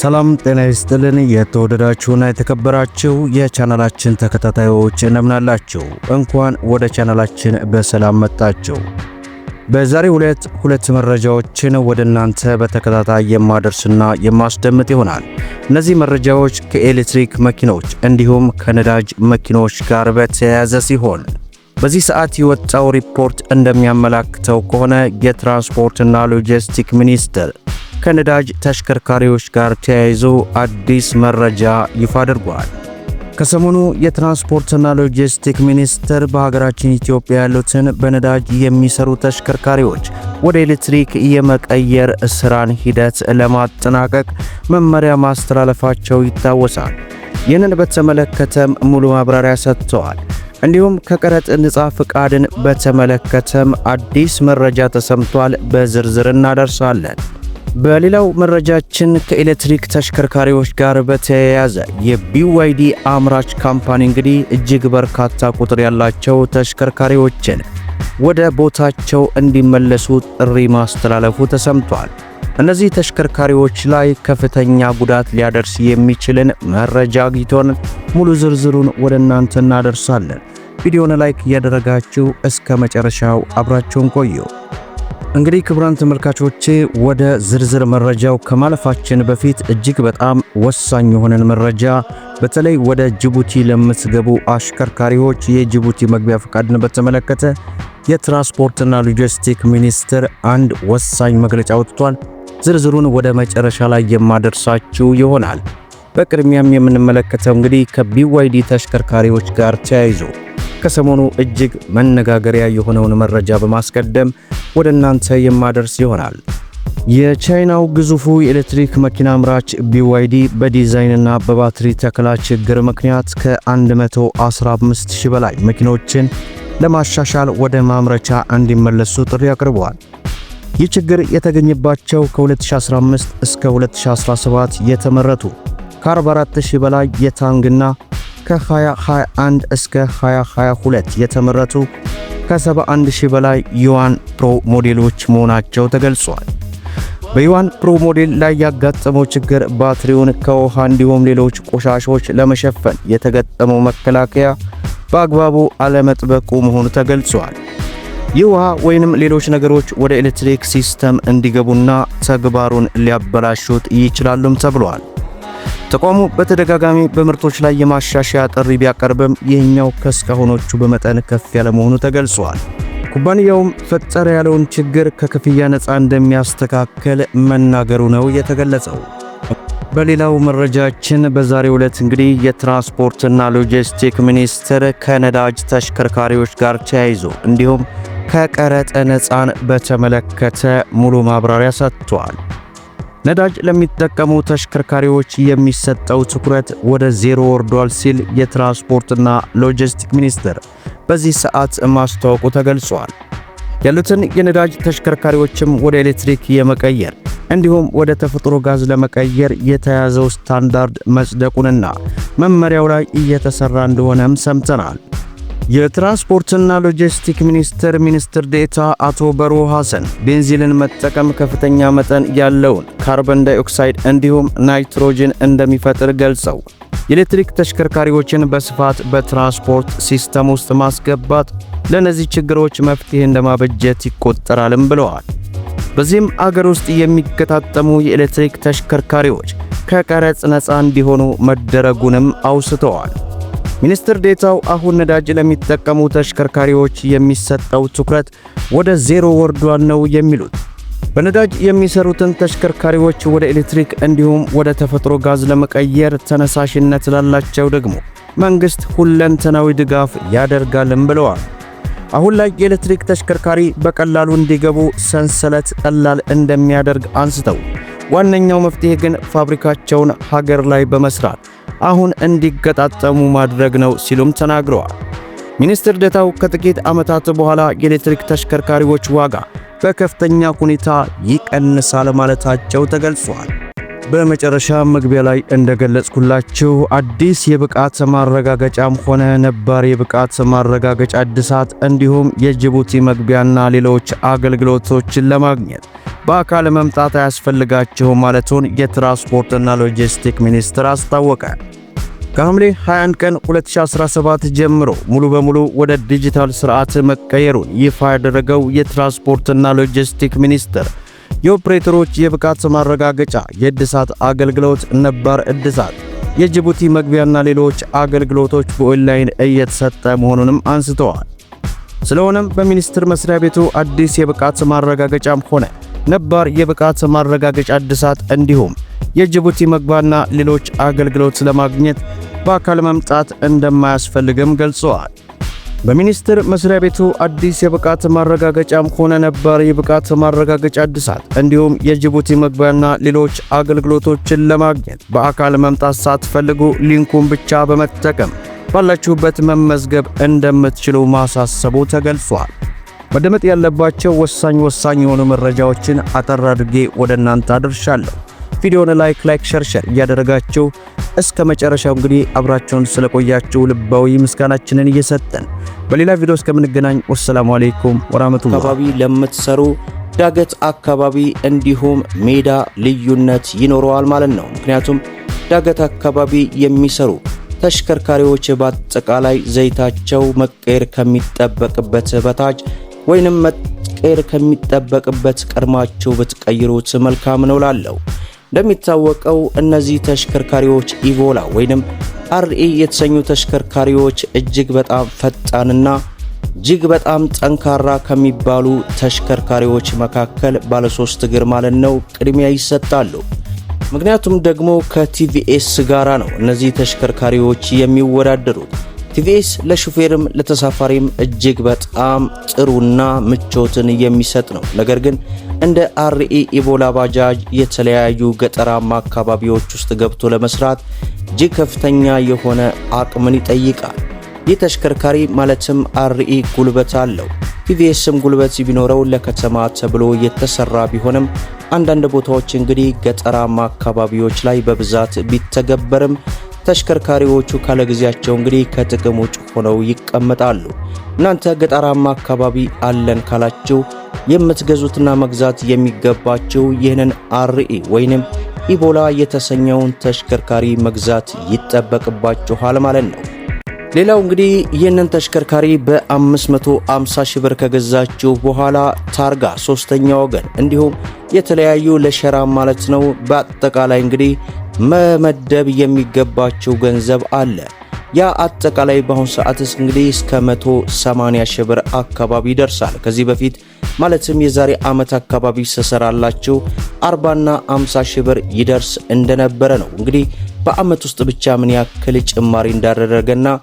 ሰላም ጤና ይስጥልን። የተወደዳችሁና የተከበራችሁ የቻናላችን ተከታታዮች እንደምናላችሁ፣ እንኳን ወደ ቻናላችን በሰላም መጣችሁ። በዛሬው ዕለት ሁለት መረጃዎችን ወደ እናንተ በተከታታይ የማደርስና የማስደምጥ ይሆናል። እነዚህ መረጃዎች ከኤሌክትሪክ መኪኖች እንዲሁም ከነዳጅ መኪኖች ጋር በተያያዘ ሲሆን በዚህ ሰዓት የወጣው ሪፖርት እንደሚያመላክተው ከሆነ የትራንስፖርትና ሎጂስቲክ ሚኒስቴር ከነዳጅ ተሽከርካሪዎች ጋር ተያይዞ አዲስ መረጃ ይፋ አድርጓል። ከሰሞኑ የትራንስፖርትና ሎጂስቲክ ሚኒስቴር በሀገራችን ኢትዮጵያ ያሉትን በነዳጅ የሚሰሩ ተሽከርካሪዎች ወደ ኤሌክትሪክ የመቀየር ስራን ሂደት ለማጠናቀቅ መመሪያ ማስተላለፋቸው ይታወሳል። ይህንን በተመለከተም ሙሉ ማብራሪያ ሰጥተዋል። እንዲሁም ከቀረጥ ነጻ ፍቃድን በተመለከተም አዲስ መረጃ ተሰምቷል። በዝርዝር እናደርሳለን። በሌላው መረጃችን ከኤሌክትሪክ ተሽከርካሪዎች ጋር በተያያዘ የቢዋይዲ አምራች ካምፓኒ እንግዲህ እጅግ በርካታ ቁጥር ያላቸው ተሽከርካሪዎችን ወደ ቦታቸው እንዲመለሱ ጥሪ ማስተላለፉ ተሰምቷል። እነዚህ ተሽከርካሪዎች ላይ ከፍተኛ ጉዳት ሊያደርስ የሚችልን መረጃ አግኝቶን ሙሉ ዝርዝሩን ወደ እናንተ እናደርሳለን። ቪዲዮን ላይክ እያደረጋችሁ እስከ መጨረሻው አብራችሁን ቆዩ። እንግዲህ ክቡራን ተመልካቾቼ ወደ ዝርዝር መረጃው ከማለፋችን በፊት እጅግ በጣም ወሳኝ የሆነን መረጃ በተለይ ወደ ጅቡቲ ለምትገቡ አሽከርካሪዎች የጅቡቲ መግቢያ ፈቃድን በተመለከተ የትራንስፖርትና ሎጂስቲክ ሚኒስቴር አንድ ወሳኝ መግለጫ አውጥቷል። ዝርዝሩን ወደ መጨረሻ ላይ የማደርሳችሁ ይሆናል። በቅድሚያም የምንመለከተው እንግዲህ ከቢዋይዲ ተሽከርካሪዎች ጋር ተያይዞ ከሰሞኑ እጅግ መነጋገሪያ የሆነውን መረጃ በማስቀደም ወደ እናንተ የማደርስ ይሆናል። የቻይናው ግዙፉ የኤሌክትሪክ መኪና አምራች ቢዋይዲ በዲዛይንና በባትሪ ተከላ ችግር ምክንያት ከ115 ሺህ በላይ መኪኖችን ለማሻሻል ወደ ማምረቻ እንዲመለሱ ጥሪ አቅርበዋል። ይህ ችግር የተገኘባቸው ከ2015 እስከ 2017 የተመረቱ ከ44000 በላይ የታንግና ከ2021 እስከ 2022 የተመረቱ ከ 71000 በላይ ዩዋን ፕሮ ሞዴሎች መሆናቸው ተገልጿል። በዩዋን ፕሮ ሞዴል ላይ ያጋጠመው ችግር ባትሪውን ከውሃ እንዲሁም ሌሎች ቆሻሾች ለመሸፈን የተገጠመው መከላከያ በአግባቡ አለመጥበቁ መሆኑ ተገልጿል። ይህ ውሃ ወይንም ሌሎች ነገሮች ወደ ኤሌክትሪክ ሲስተም እንዲገቡና ተግባሩን ሊያበላሹት ይችላሉም ተብሏል። ተቋሙ በተደጋጋሚ በምርቶች ላይ የማሻሻያ ጥሪ ቢያቀርብም ይህኛው ከእስካሁኖቹ በመጠን ከፍ ያለ መሆኑ ተገልጿል። ኩባንያውም ፈጠረ ያለውን ችግር ከክፍያ ነፃ እንደሚያስተካከል መናገሩ ነው የተገለጸው። በሌላው መረጃችን በዛሬው ዕለት እንግዲህ የትራንስፖርትና ሎጂስቲክ ሚኒስቴር ከነዳጅ ተሽከርካሪዎች ጋር ተያይዞ እንዲሁም ከቀረጥ ነፃን በተመለከተ ሙሉ ማብራሪያ ሰጥቷል። ነዳጅ ለሚጠቀሙ ተሽከርካሪዎች የሚሰጠው ትኩረት ወደ ዜሮ ወርዷል ሲል የትራንስፖርትና ሎጂስቲክ ሚኒስቴር በዚህ ሰዓት ማስታወቁ ተገልጿል። ያሉትን የነዳጅ ተሽከርካሪዎችም ወደ ኤሌክትሪክ የመቀየር እንዲሁም ወደ ተፈጥሮ ጋዝ ለመቀየር የተያዘው ስታንዳርድ መጽደቁንና መመሪያው ላይ እየተሰራ እንደሆነም ሰምተናል። የትራንስፖርትና ሎጂስቲክ ሚኒስቴር ሚኒስትር ዴታ አቶ በሮ ሐሰን ቤንዚልን መጠቀም ከፍተኛ መጠን ያለውን ካርበን ዳይኦክሳይድ እንዲሁም ናይትሮጅን እንደሚፈጥር ገልጸው የኤሌክትሪክ ተሽከርካሪዎችን በስፋት በትራንስፖርት ሲስተም ውስጥ ማስገባት ለእነዚህ ችግሮች መፍትሄ እንደማበጀት ይቆጠራልም ብለዋል። በዚህም አገር ውስጥ የሚገጣጠሙ የኤሌክትሪክ ተሽከርካሪዎች ከቀረጽ ነፃ እንዲሆኑ መደረጉንም አውስተዋል። ሚኒስትር ዴታው አሁን ነዳጅ ለሚጠቀሙ ተሽከርካሪዎች የሚሰጠው ትኩረት ወደ ዜሮ ወርዷል ነው የሚሉት። በነዳጅ የሚሰሩትን ተሽከርካሪዎች ወደ ኤሌክትሪክ እንዲሁም ወደ ተፈጥሮ ጋዝ ለመቀየር ተነሳሽነት ላላቸው ደግሞ መንግስት ሁለንተናዊ ድጋፍ ያደርጋልም ብለዋል። አሁን ላይ የኤሌክትሪክ ተሽከርካሪ በቀላሉ እንዲገቡ ሰንሰለት ቀላል እንደሚያደርግ አንስተው ዋነኛው መፍትሄ ግን ፋብሪካቸውን ሀገር ላይ በመስራት አሁን እንዲገጣጠሙ ማድረግ ነው ሲሉም ተናግረዋል። ሚኒስትር ዴታው ከጥቂት ዓመታት በኋላ የኤሌክትሪክ ተሽከርካሪዎች ዋጋ በከፍተኛ ሁኔታ ይቀንሳል ማለታቸው ተገልጿል። በመጨረሻ መግቢያ ላይ እንደገለጽኩላችሁ አዲስ የብቃት ማረጋገጫም ሆነ ነባር የብቃት ማረጋገጫ እድሳት እንዲሁም የጅቡቲ መግቢያና ሌሎች አገልግሎቶችን ለማግኘት በአካል መምጣት አያስፈልጋችሁም ማለቱን የትራንስፖርትና ሎጂስቲክ ሚኒስቴር አስታወቀ። ከሐምሌ 21 ቀን 2017 ጀምሮ ሙሉ በሙሉ ወደ ዲጂታል ስርዓት መቀየሩን ይፋ ያደረገው የትራንስፖርትና ሎጂስቲክ ሚኒስቴር የኦፕሬተሮች የብቃት ማረጋገጫ፣ የእድሳት አገልግሎት፣ ነባር እድሳት፣ የጅቡቲ መግቢያና ሌሎች አገልግሎቶች በኦንላይን እየተሰጠ መሆኑንም አንስተዋል። ስለሆነም በሚኒስቴር መስሪያ ቤቱ አዲስ የብቃት ማረጋገጫም ሆነ ነባር የብቃት ማረጋገጫ እድሳት እንዲሁም የጅቡቲ መግቢያና ሌሎች አገልግሎት ለማግኘት በአካል መምጣት እንደማያስፈልግም ገልጸዋል። በሚኒስቴር መስሪያ ቤቱ አዲስ የብቃት ማረጋገጫም ሆነ ነባር የብቃት ማረጋገጫ እድሳት እንዲሁም የጅቡቲ መግቢያና ሌሎች አገልግሎቶችን ለማግኘት በአካል መምጣት ሳትፈልጉ ሊንኩን ብቻ በመጠቀም ባላችሁበት መመዝገብ እንደምትችሉ ማሳሰቡ ተገልጿል። መደመጥ ያለባቸው ወሳኝ ወሳኝ የሆኑ መረጃዎችን አጠር አድርጌ ወደ እናንተ አድርሻለሁ። ቪዲዮውን ላይክ ላይክ ሸር ሸር እያደረጋችሁ እስከ መጨረሻው እንግዲህ አብራችሁን ስለቆያችሁ ልባዊ ምስጋናችንን እየሰጠን በሌላ ቪዲዮ እስከምንገናኝ ወሰላሙ አለይኩም ወራህመቱላህ። አካባቢ ለምትሰሩ ዳገት አካባቢ እንዲሁም ሜዳ ልዩነት ይኖረዋል ማለት ነው። ምክንያቱም ዳገት አካባቢ የሚሰሩ ተሽከርካሪዎች በአጠቃላይ ዘይታቸው መቀየር ከሚጠበቅበት በታች ወይንም መቀየር ከሚጠበቅበት ቀድማቸው ብትቀይሩት መልካም ነው ላለው እንደሚታወቀው እነዚህ ተሽከርካሪዎች ኢቮላ ወይንም አርኤ የተሰኙ ተሽከርካሪዎች እጅግ በጣም ፈጣንና እጅግ በጣም ጠንካራ ከሚባሉ ተሽከርካሪዎች መካከል ባለሶስት እግር ማለት ነው ቅድሚያ ይሰጣሉ። ምክንያቱም ደግሞ ከቲቪኤስ ጋራ ነው እነዚህ ተሽከርካሪዎች የሚወዳደሩት። ቲቪኤስ ለሹፌርም ለተሳፋሪም እጅግ በጣም ጥሩና ምቾትን የሚሰጥ ነው። ነገር ግን እንደ አርኢ ኢቦላ ባጃጅ የተለያዩ ገጠራማ አካባቢዎች ውስጥ ገብቶ ለመስራት እጅግ ከፍተኛ የሆነ አቅምን ይጠይቃል። ይህ ተሽከርካሪ ማለትም አርኢ ጉልበት አለው። ቲቪኤስም ጉልበት ቢኖረው ለከተማ ተብሎ የተሰራ ቢሆንም አንዳንድ ቦታዎች እንግዲህ ገጠራማ አካባቢዎች ላይ በብዛት ቢተገበርም ተሽከርካሪዎቹ ካለጊዜያቸው እንግዲህ ከጥቅም ውጭ ሆነው ይቀመጣሉ። እናንተ ገጠራማ አካባቢ አለን ካላችሁ የምትገዙትና መግዛት የሚገባችው ይህንን አርኢ ወይንም ኢቦላ የተሰኘውን ተሽከርካሪ መግዛት ይጠበቅባችኋል ማለት ነው። ሌላው እንግዲህ ይህንን ተሽከርካሪ በ550 ሺህ ብር ከገዛችሁ በኋላ ታርጋ ሶስተኛ ወገን እንዲሁም የተለያዩ ለሸራ ማለት ነው በአጠቃላይ እንግዲህ መመደብ የሚገባቸው ገንዘብ አለ። ያ አጠቃላይ በአሁኑ ሰዓትስ እንግዲህ እስከ 180 ሺህ ብር አካባቢ ይደርሳል። ከዚህ በፊት ማለትም የዛሬ ዓመት አካባቢ ስሰራላችሁ 40 ና 50 ሺህ ብር ይደርስ እንደነበረ ነው። እንግዲህ በዓመት ውስጥ ብቻ ምን ያክል ጭማሪ እንዳደረገና